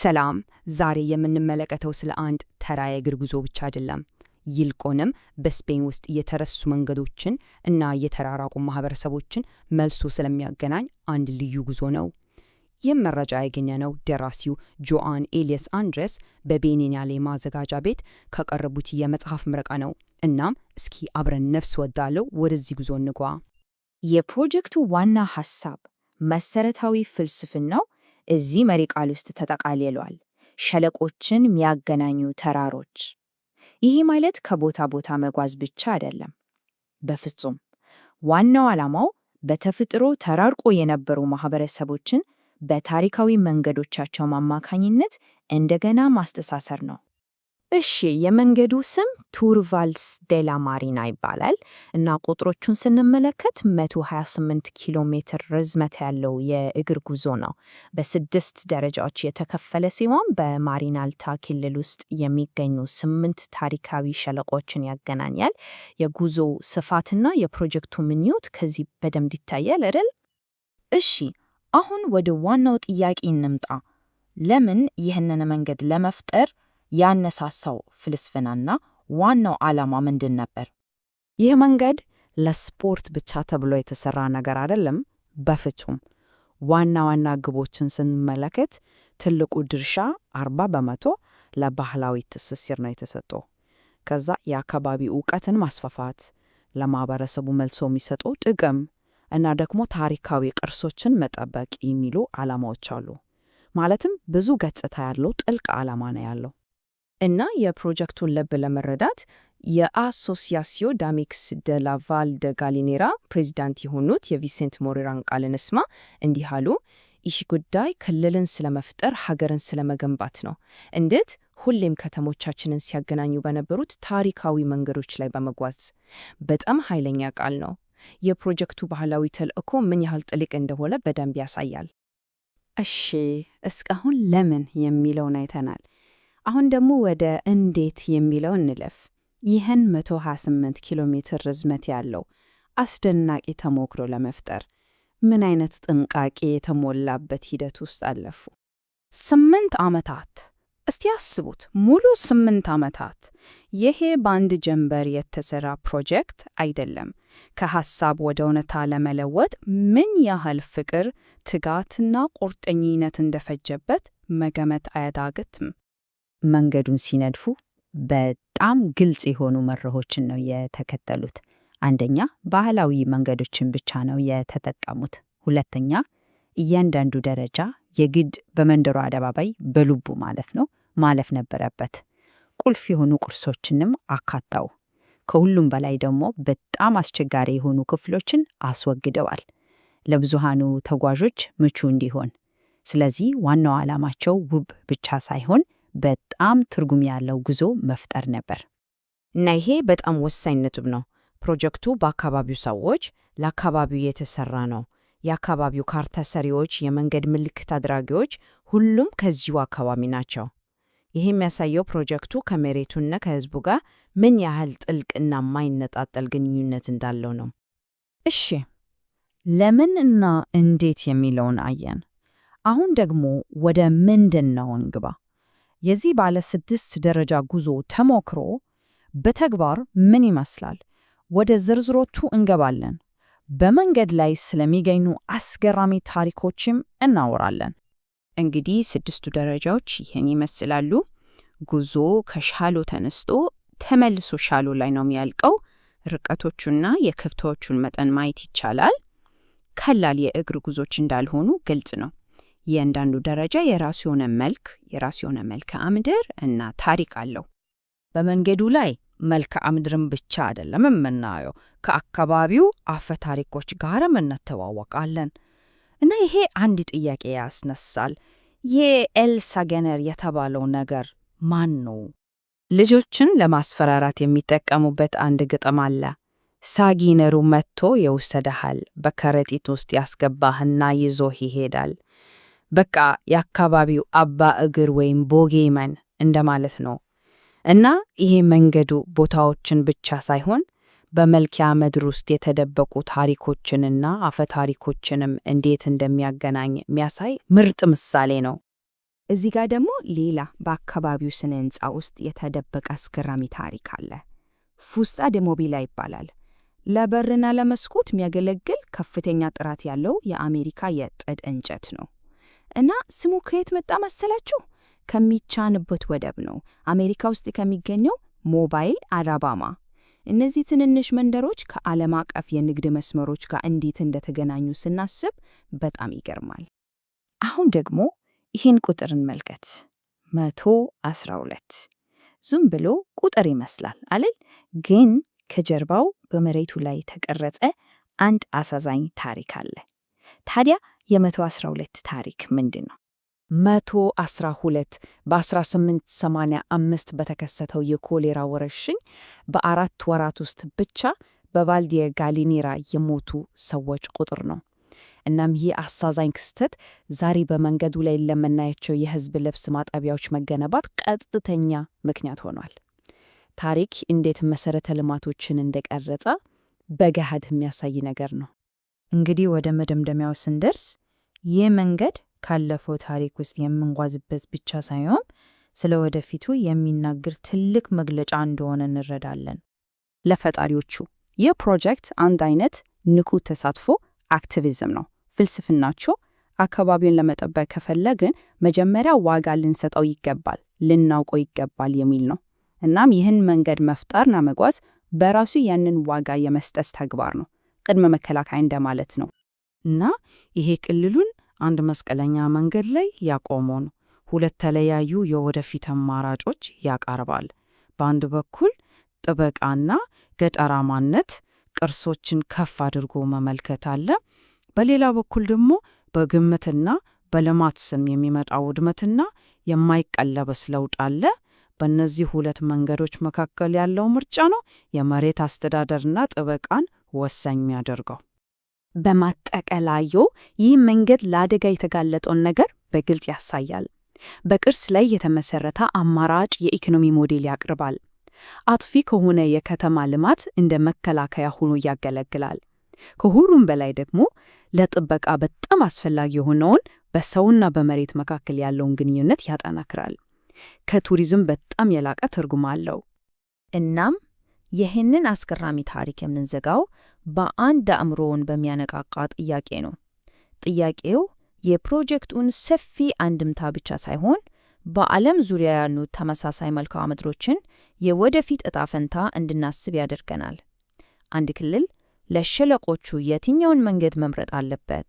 ሰላም ዛሬ የምንመለከተው ስለ አንድ ተራ የእግር ጉዞ ብቻ አይደለም። ይልቁንም በስፔን ውስጥ የተረሱ መንገዶችን እና የተራራቁ ማህበረሰቦችን መልሶ ስለሚያገናኝ አንድ ልዩ ጉዞ ነው። ይህም መረጃ ያገኘነው ደራሲው ጆአን ኤልየስ አንድሬስ በቤኒናሌ ማዘጋጃ ቤት ከቀረቡት የመጽሐፍ ምረቃ ነው። እናም እስኪ አብረን ነፍስ ወዳለው ወደዚህ ጉዞ እንጓ። የፕሮጀክቱ ዋና ሐሳብ መሰረታዊ ፍልስፍናው እዚህ መሪ ቃል ውስጥ ተጠቃልሏል። ሸለቆችን የሚያገናኙ ተራሮች። ይህ ማለት ከቦታ ቦታ መጓዝ ብቻ አይደለም፣ በፍጹም። ዋናው ዓላማው በተፈጥሮ ተራርቆ የነበሩ ማህበረሰቦችን በታሪካዊ መንገዶቻቸው አማካኝነት እንደገና ማስተሳሰር ነው። እሺ የመንገዱ ስም ቱርቫልስ ዴላ ማሪና ይባላል እና ቁጥሮቹን ስንመለከት 128 ኪሎ ሜትር ርዝመት ያለው የእግር ጉዞ ነው። በስድስት ደረጃዎች የተከፈለ ሲሆን በማሪናልታ ክልል ውስጥ የሚገኙ ስምንት ታሪካዊ ሸለቆችን ያገናኛል። የጉዞ ስፋትና የፕሮጀክቱ ምኞት ከዚህ በደንብ ይታያል አይደል? እሺ አሁን ወደ ዋናው ጥያቄ እንምጣ። ለምን ይህንን መንገድ ለመፍጠር ያነሳሳው ፍልስፍናና ዋናው ዓላማ ምንድን ነበር? ይህ መንገድ ለስፖርት ብቻ ተብሎ የተሰራ ነገር አይደለም፣ በፍጹም። ዋና ዋና ግቦችን ስንመለከት ትልቁ ድርሻ አርባ በመቶ ለባህላዊ ትስስር ነው የተሰጠው። ከዛ የአካባቢ እውቀትን ማስፋፋት፣ ለማህበረሰቡ መልሶ የሚሰጠው ጥቅም እና ደግሞ ታሪካዊ ቅርሶችን መጠበቅ የሚሉ ዓላማዎች አሉ። ማለትም ብዙ ገጽታ ያለው ጥልቅ ዓላማ ነው ያለው። እና የፕሮጀክቱን ልብ ለመረዳት የአሶሲያሲዮ ዳሚክስ ደ ደ ጋሊኔራ ፕሬዚዳንት የሆኑት የቪሴንት ሞሬራን ቃልን ስማ እንዲህ አሉ። ይህ ጉዳይ ክልልን ስለመፍጠር ሀገርን ስለመገንባት ነው። እንዴት? ሁሌም ከተሞቻችንን ሲያገናኙ በነበሩት ታሪካዊ መንገዶች ላይ በመጓዝ በጣም ኃይለኛ ቃል ነው። የፕሮጀክቱ ባህላዊ ተልእኮ ምን ያህል ጥልቅ እንደሆነ በደንብ ያሳያል። እሺ፣ እስካሁን ለምን የሚለውን አይተናል። አሁን ደግሞ ወደ እንዴት የሚለው እንለፍ። ይህን 128 ኪሎ ሜትር ርዝመት ያለው አስደናቂ ተሞክሮ ለመፍጠር ምን አይነት ጥንቃቄ የተሞላበት ሂደት ውስጥ አለፉ? ስምንት ዓመታት። እስቲ አስቡት፣ ሙሉ ስምንት ዓመታት። ይሄ በአንድ ጀንበር የተሰራ ፕሮጀክት አይደለም። ከሐሳብ ወደ እውነታ ለመለወጥ ምን ያህል ፍቅር፣ ትጋትና ቁርጠኝነት እንደፈጀበት መገመት አያዳግትም። መንገዱን ሲነድፉ በጣም ግልጽ የሆኑ መርሆችን ነው የተከተሉት። አንደኛ ባህላዊ መንገዶችን ብቻ ነው የተጠቀሙት። ሁለተኛ እያንዳንዱ ደረጃ የግድ በመንደሩ አደባባይ በልቡ ማለት ነው ማለፍ ነበረበት። ቁልፍ የሆኑ ቁርሶችንም አካታው። ከሁሉም በላይ ደግሞ በጣም አስቸጋሪ የሆኑ ክፍሎችን አስወግደዋል፣ ለብዙሃኑ ተጓዦች ምቹ እንዲሆን። ስለዚህ ዋናው ዓላማቸው ውብ ብቻ ሳይሆን በጣም ትርጉም ያለው ጉዞ መፍጠር ነበር። እና ይሄ በጣም ወሳኝ ነጥብ ነው። ፕሮጀክቱ በአካባቢው ሰዎች፣ ለአካባቢው የተሰራ ነው። የአካባቢው ካርታ ሰሪዎች፣ የመንገድ ምልክት አድራጊዎች፣ ሁሉም ከዚሁ አካባቢ ናቸው። ይህ የሚያሳየው ፕሮጀክቱ ከመሬቱና ከህዝቡ ጋር ምን ያህል ጥልቅና ማይነጣጠል ግንኙነት እንዳለው ነው። እሺ፣ ለምን እና እንዴት የሚለውን አየን። አሁን ደግሞ ወደ ምንድን ነው እንግባ። የዚህ ባለ ስድስት ደረጃ ጉዞ ተሞክሮ በተግባር ምን ይመስላል? ወደ ዝርዝሮቹ እንገባለን። በመንገድ ላይ ስለሚገኙ አስገራሚ ታሪኮችም እናወራለን። እንግዲህ ስድስቱ ደረጃዎች ይህን ይመስላሉ። ጉዞ ከሻሎ ተነስቶ ተመልሶ ሻሎ ላይ ነው የሚያልቀው። ርቀቶቹና የከፍታዎቹን መጠን ማየት ይቻላል። ቀላል የእግር ጉዞች እንዳልሆኑ ግልጽ ነው። እያንዳንዱ ደረጃ የራሱ የሆነ መልክ፣ የራሱ የሆነ መልክዓ ምድር እና ታሪክ አለው። በመንገዱ ላይ መልክዓ ምድርን ብቻ አይደለም የምናየው፣ ከአካባቢው አፈ ታሪኮች ጋርም እንተዋወቃለን። እና ይሄ አንድ ጥያቄ ያስነሳል። የኤል ሳገነር የተባለው ነገር ማን ነው? ልጆችን ለማስፈራራት የሚጠቀሙበት አንድ ግጥም አለ። ሳጊነሩ መጥቶ የወሰደሃል፣ በከረጢት ውስጥ ያስገባህና ይዞህ ይሄዳል። በቃ የአካባቢው አባ እግር ወይም ቦጌመን እንደማለት ነው እና ይሄ መንገዱ ቦታዎችን ብቻ ሳይሆን በመልክዓ ምድር ውስጥ የተደበቁ ታሪኮችንና አፈ ታሪኮችንም እንዴት እንደሚያገናኝ የሚያሳይ ምርጥ ምሳሌ ነው። እዚህ ጋር ደግሞ ሌላ በአካባቢው ስነ ህንፃ ውስጥ የተደበቀ አስገራሚ ታሪክ አለ። ፉስጣ ደሞቢላ ይባላል። ለበርና ለመስኮት የሚያገለግል ከፍተኛ ጥራት ያለው የአሜሪካ የጥድ እንጨት ነው። እና ስሙ ከየት መጣ መሰላችሁ? ከሚቻንበት ወደብ ነው፣ አሜሪካ ውስጥ ከሚገኘው ሞባይል አላባማ። እነዚህ ትንንሽ መንደሮች ከዓለም አቀፍ የንግድ መስመሮች ጋር እንዴት እንደተገናኙ ስናስብ በጣም ይገርማል። አሁን ደግሞ ይህን ቁጥር እንመልከት፣ 112 ዝም ብሎ ቁጥር ይመስላል አልል፣ ግን ከጀርባው በመሬቱ ላይ የተቀረጸ አንድ አሳዛኝ ታሪክ አለ። ታዲያ የመቶ 12 ታሪክ ምንድን ነው? 12 በ1885 በተከሰተው የኮሌራ ወረርሽኝ በአራት ወራት ውስጥ ብቻ በቫልዲየ ጋሊኔራ የሞቱ ሰዎች ቁጥር ነው። እናም ይህ አሳዛኝ ክስተት ዛሬ በመንገዱ ላይ ለምናያቸው የህዝብ ልብስ ማጠቢያዎች መገነባት ቀጥተኛ ምክንያት ሆኗል። ታሪክ እንዴት መሰረተ ልማቶችን እንደቀረጸ በገሃድ የሚያሳይ ነገር ነው። እንግዲህ ወደ መደምደሚያው ስንደርስ ይህ መንገድ ካለፈው ታሪክ ውስጥ የምንጓዝበት ብቻ ሳይሆን ስለ ወደፊቱ የሚናገር ትልቅ መግለጫ እንደሆነ እንረዳለን። ለፈጣሪዎቹ ይህ ፕሮጀክት አንድ አይነት ንቁ ተሳትፎ አክቲቪዝም ነው ፍልስፍናቸው። አካባቢውን ለመጠበቅ ከፈለግን መጀመሪያ ዋጋ ልንሰጠው ይገባል፣ ልናውቀው ይገባል የሚል ነው። እናም ይህን መንገድ መፍጠርና መጓዝ በራሱ ያንን ዋጋ የመስጠት ተግባር ነው። ቅድመ መከላከያ እንደማለት ነው እና ይሄ ቅልሉን አንድ መስቀለኛ መንገድ ላይ ያቆመው ነው። ሁለት ተለያዩ የወደፊት አማራጮች ያቀርባል። በአንድ በኩል ጥበቃና ገጠራማነት ቅርሶችን ከፍ አድርጎ መመልከት አለ። በሌላ በኩል ደግሞ በግምትና በልማት ስም የሚመጣ ውድመትና የማይቀለበስ ለውጥ አለ። በእነዚህ ሁለት መንገዶች መካከል ያለው ምርጫ ነው የመሬት አስተዳደርና ጥበቃን ወሳኝ የሚያደርገው። በማጠቃለያ ይህ መንገድ ለአደጋ የተጋለጠውን ነገር በግልጽ ያሳያል። በቅርስ ላይ የተመሰረተ አማራጭ የኢኮኖሚ ሞዴል ያቀርባል። አጥፊ ከሆነ የከተማ ልማት እንደ መከላከያ ሆኖ ያገለግላል። ከሁሉም በላይ ደግሞ ለጥበቃ በጣም አስፈላጊ የሆነውን በሰውና በመሬት መካከል ያለውን ግንኙነት ያጠናክራል። ከቱሪዝም በጣም የላቀ ትርጉም አለው። እናም ይህንን አስገራሚ ታሪክ የምንዘጋው በአንድ አእምሮውን በሚያነቃቃ ጥያቄ ነው። ጥያቄው የፕሮጀክቱን ሰፊ አንድምታ ብቻ ሳይሆን በዓለም ዙሪያ ያሉ ተመሳሳይ መልክዓ ምድሮችን የወደፊት እጣ ፈንታ እንድናስብ ያደርገናል። አንድ ክልል ለሸለቆቹ የትኛውን መንገድ መምረጥ አለበት?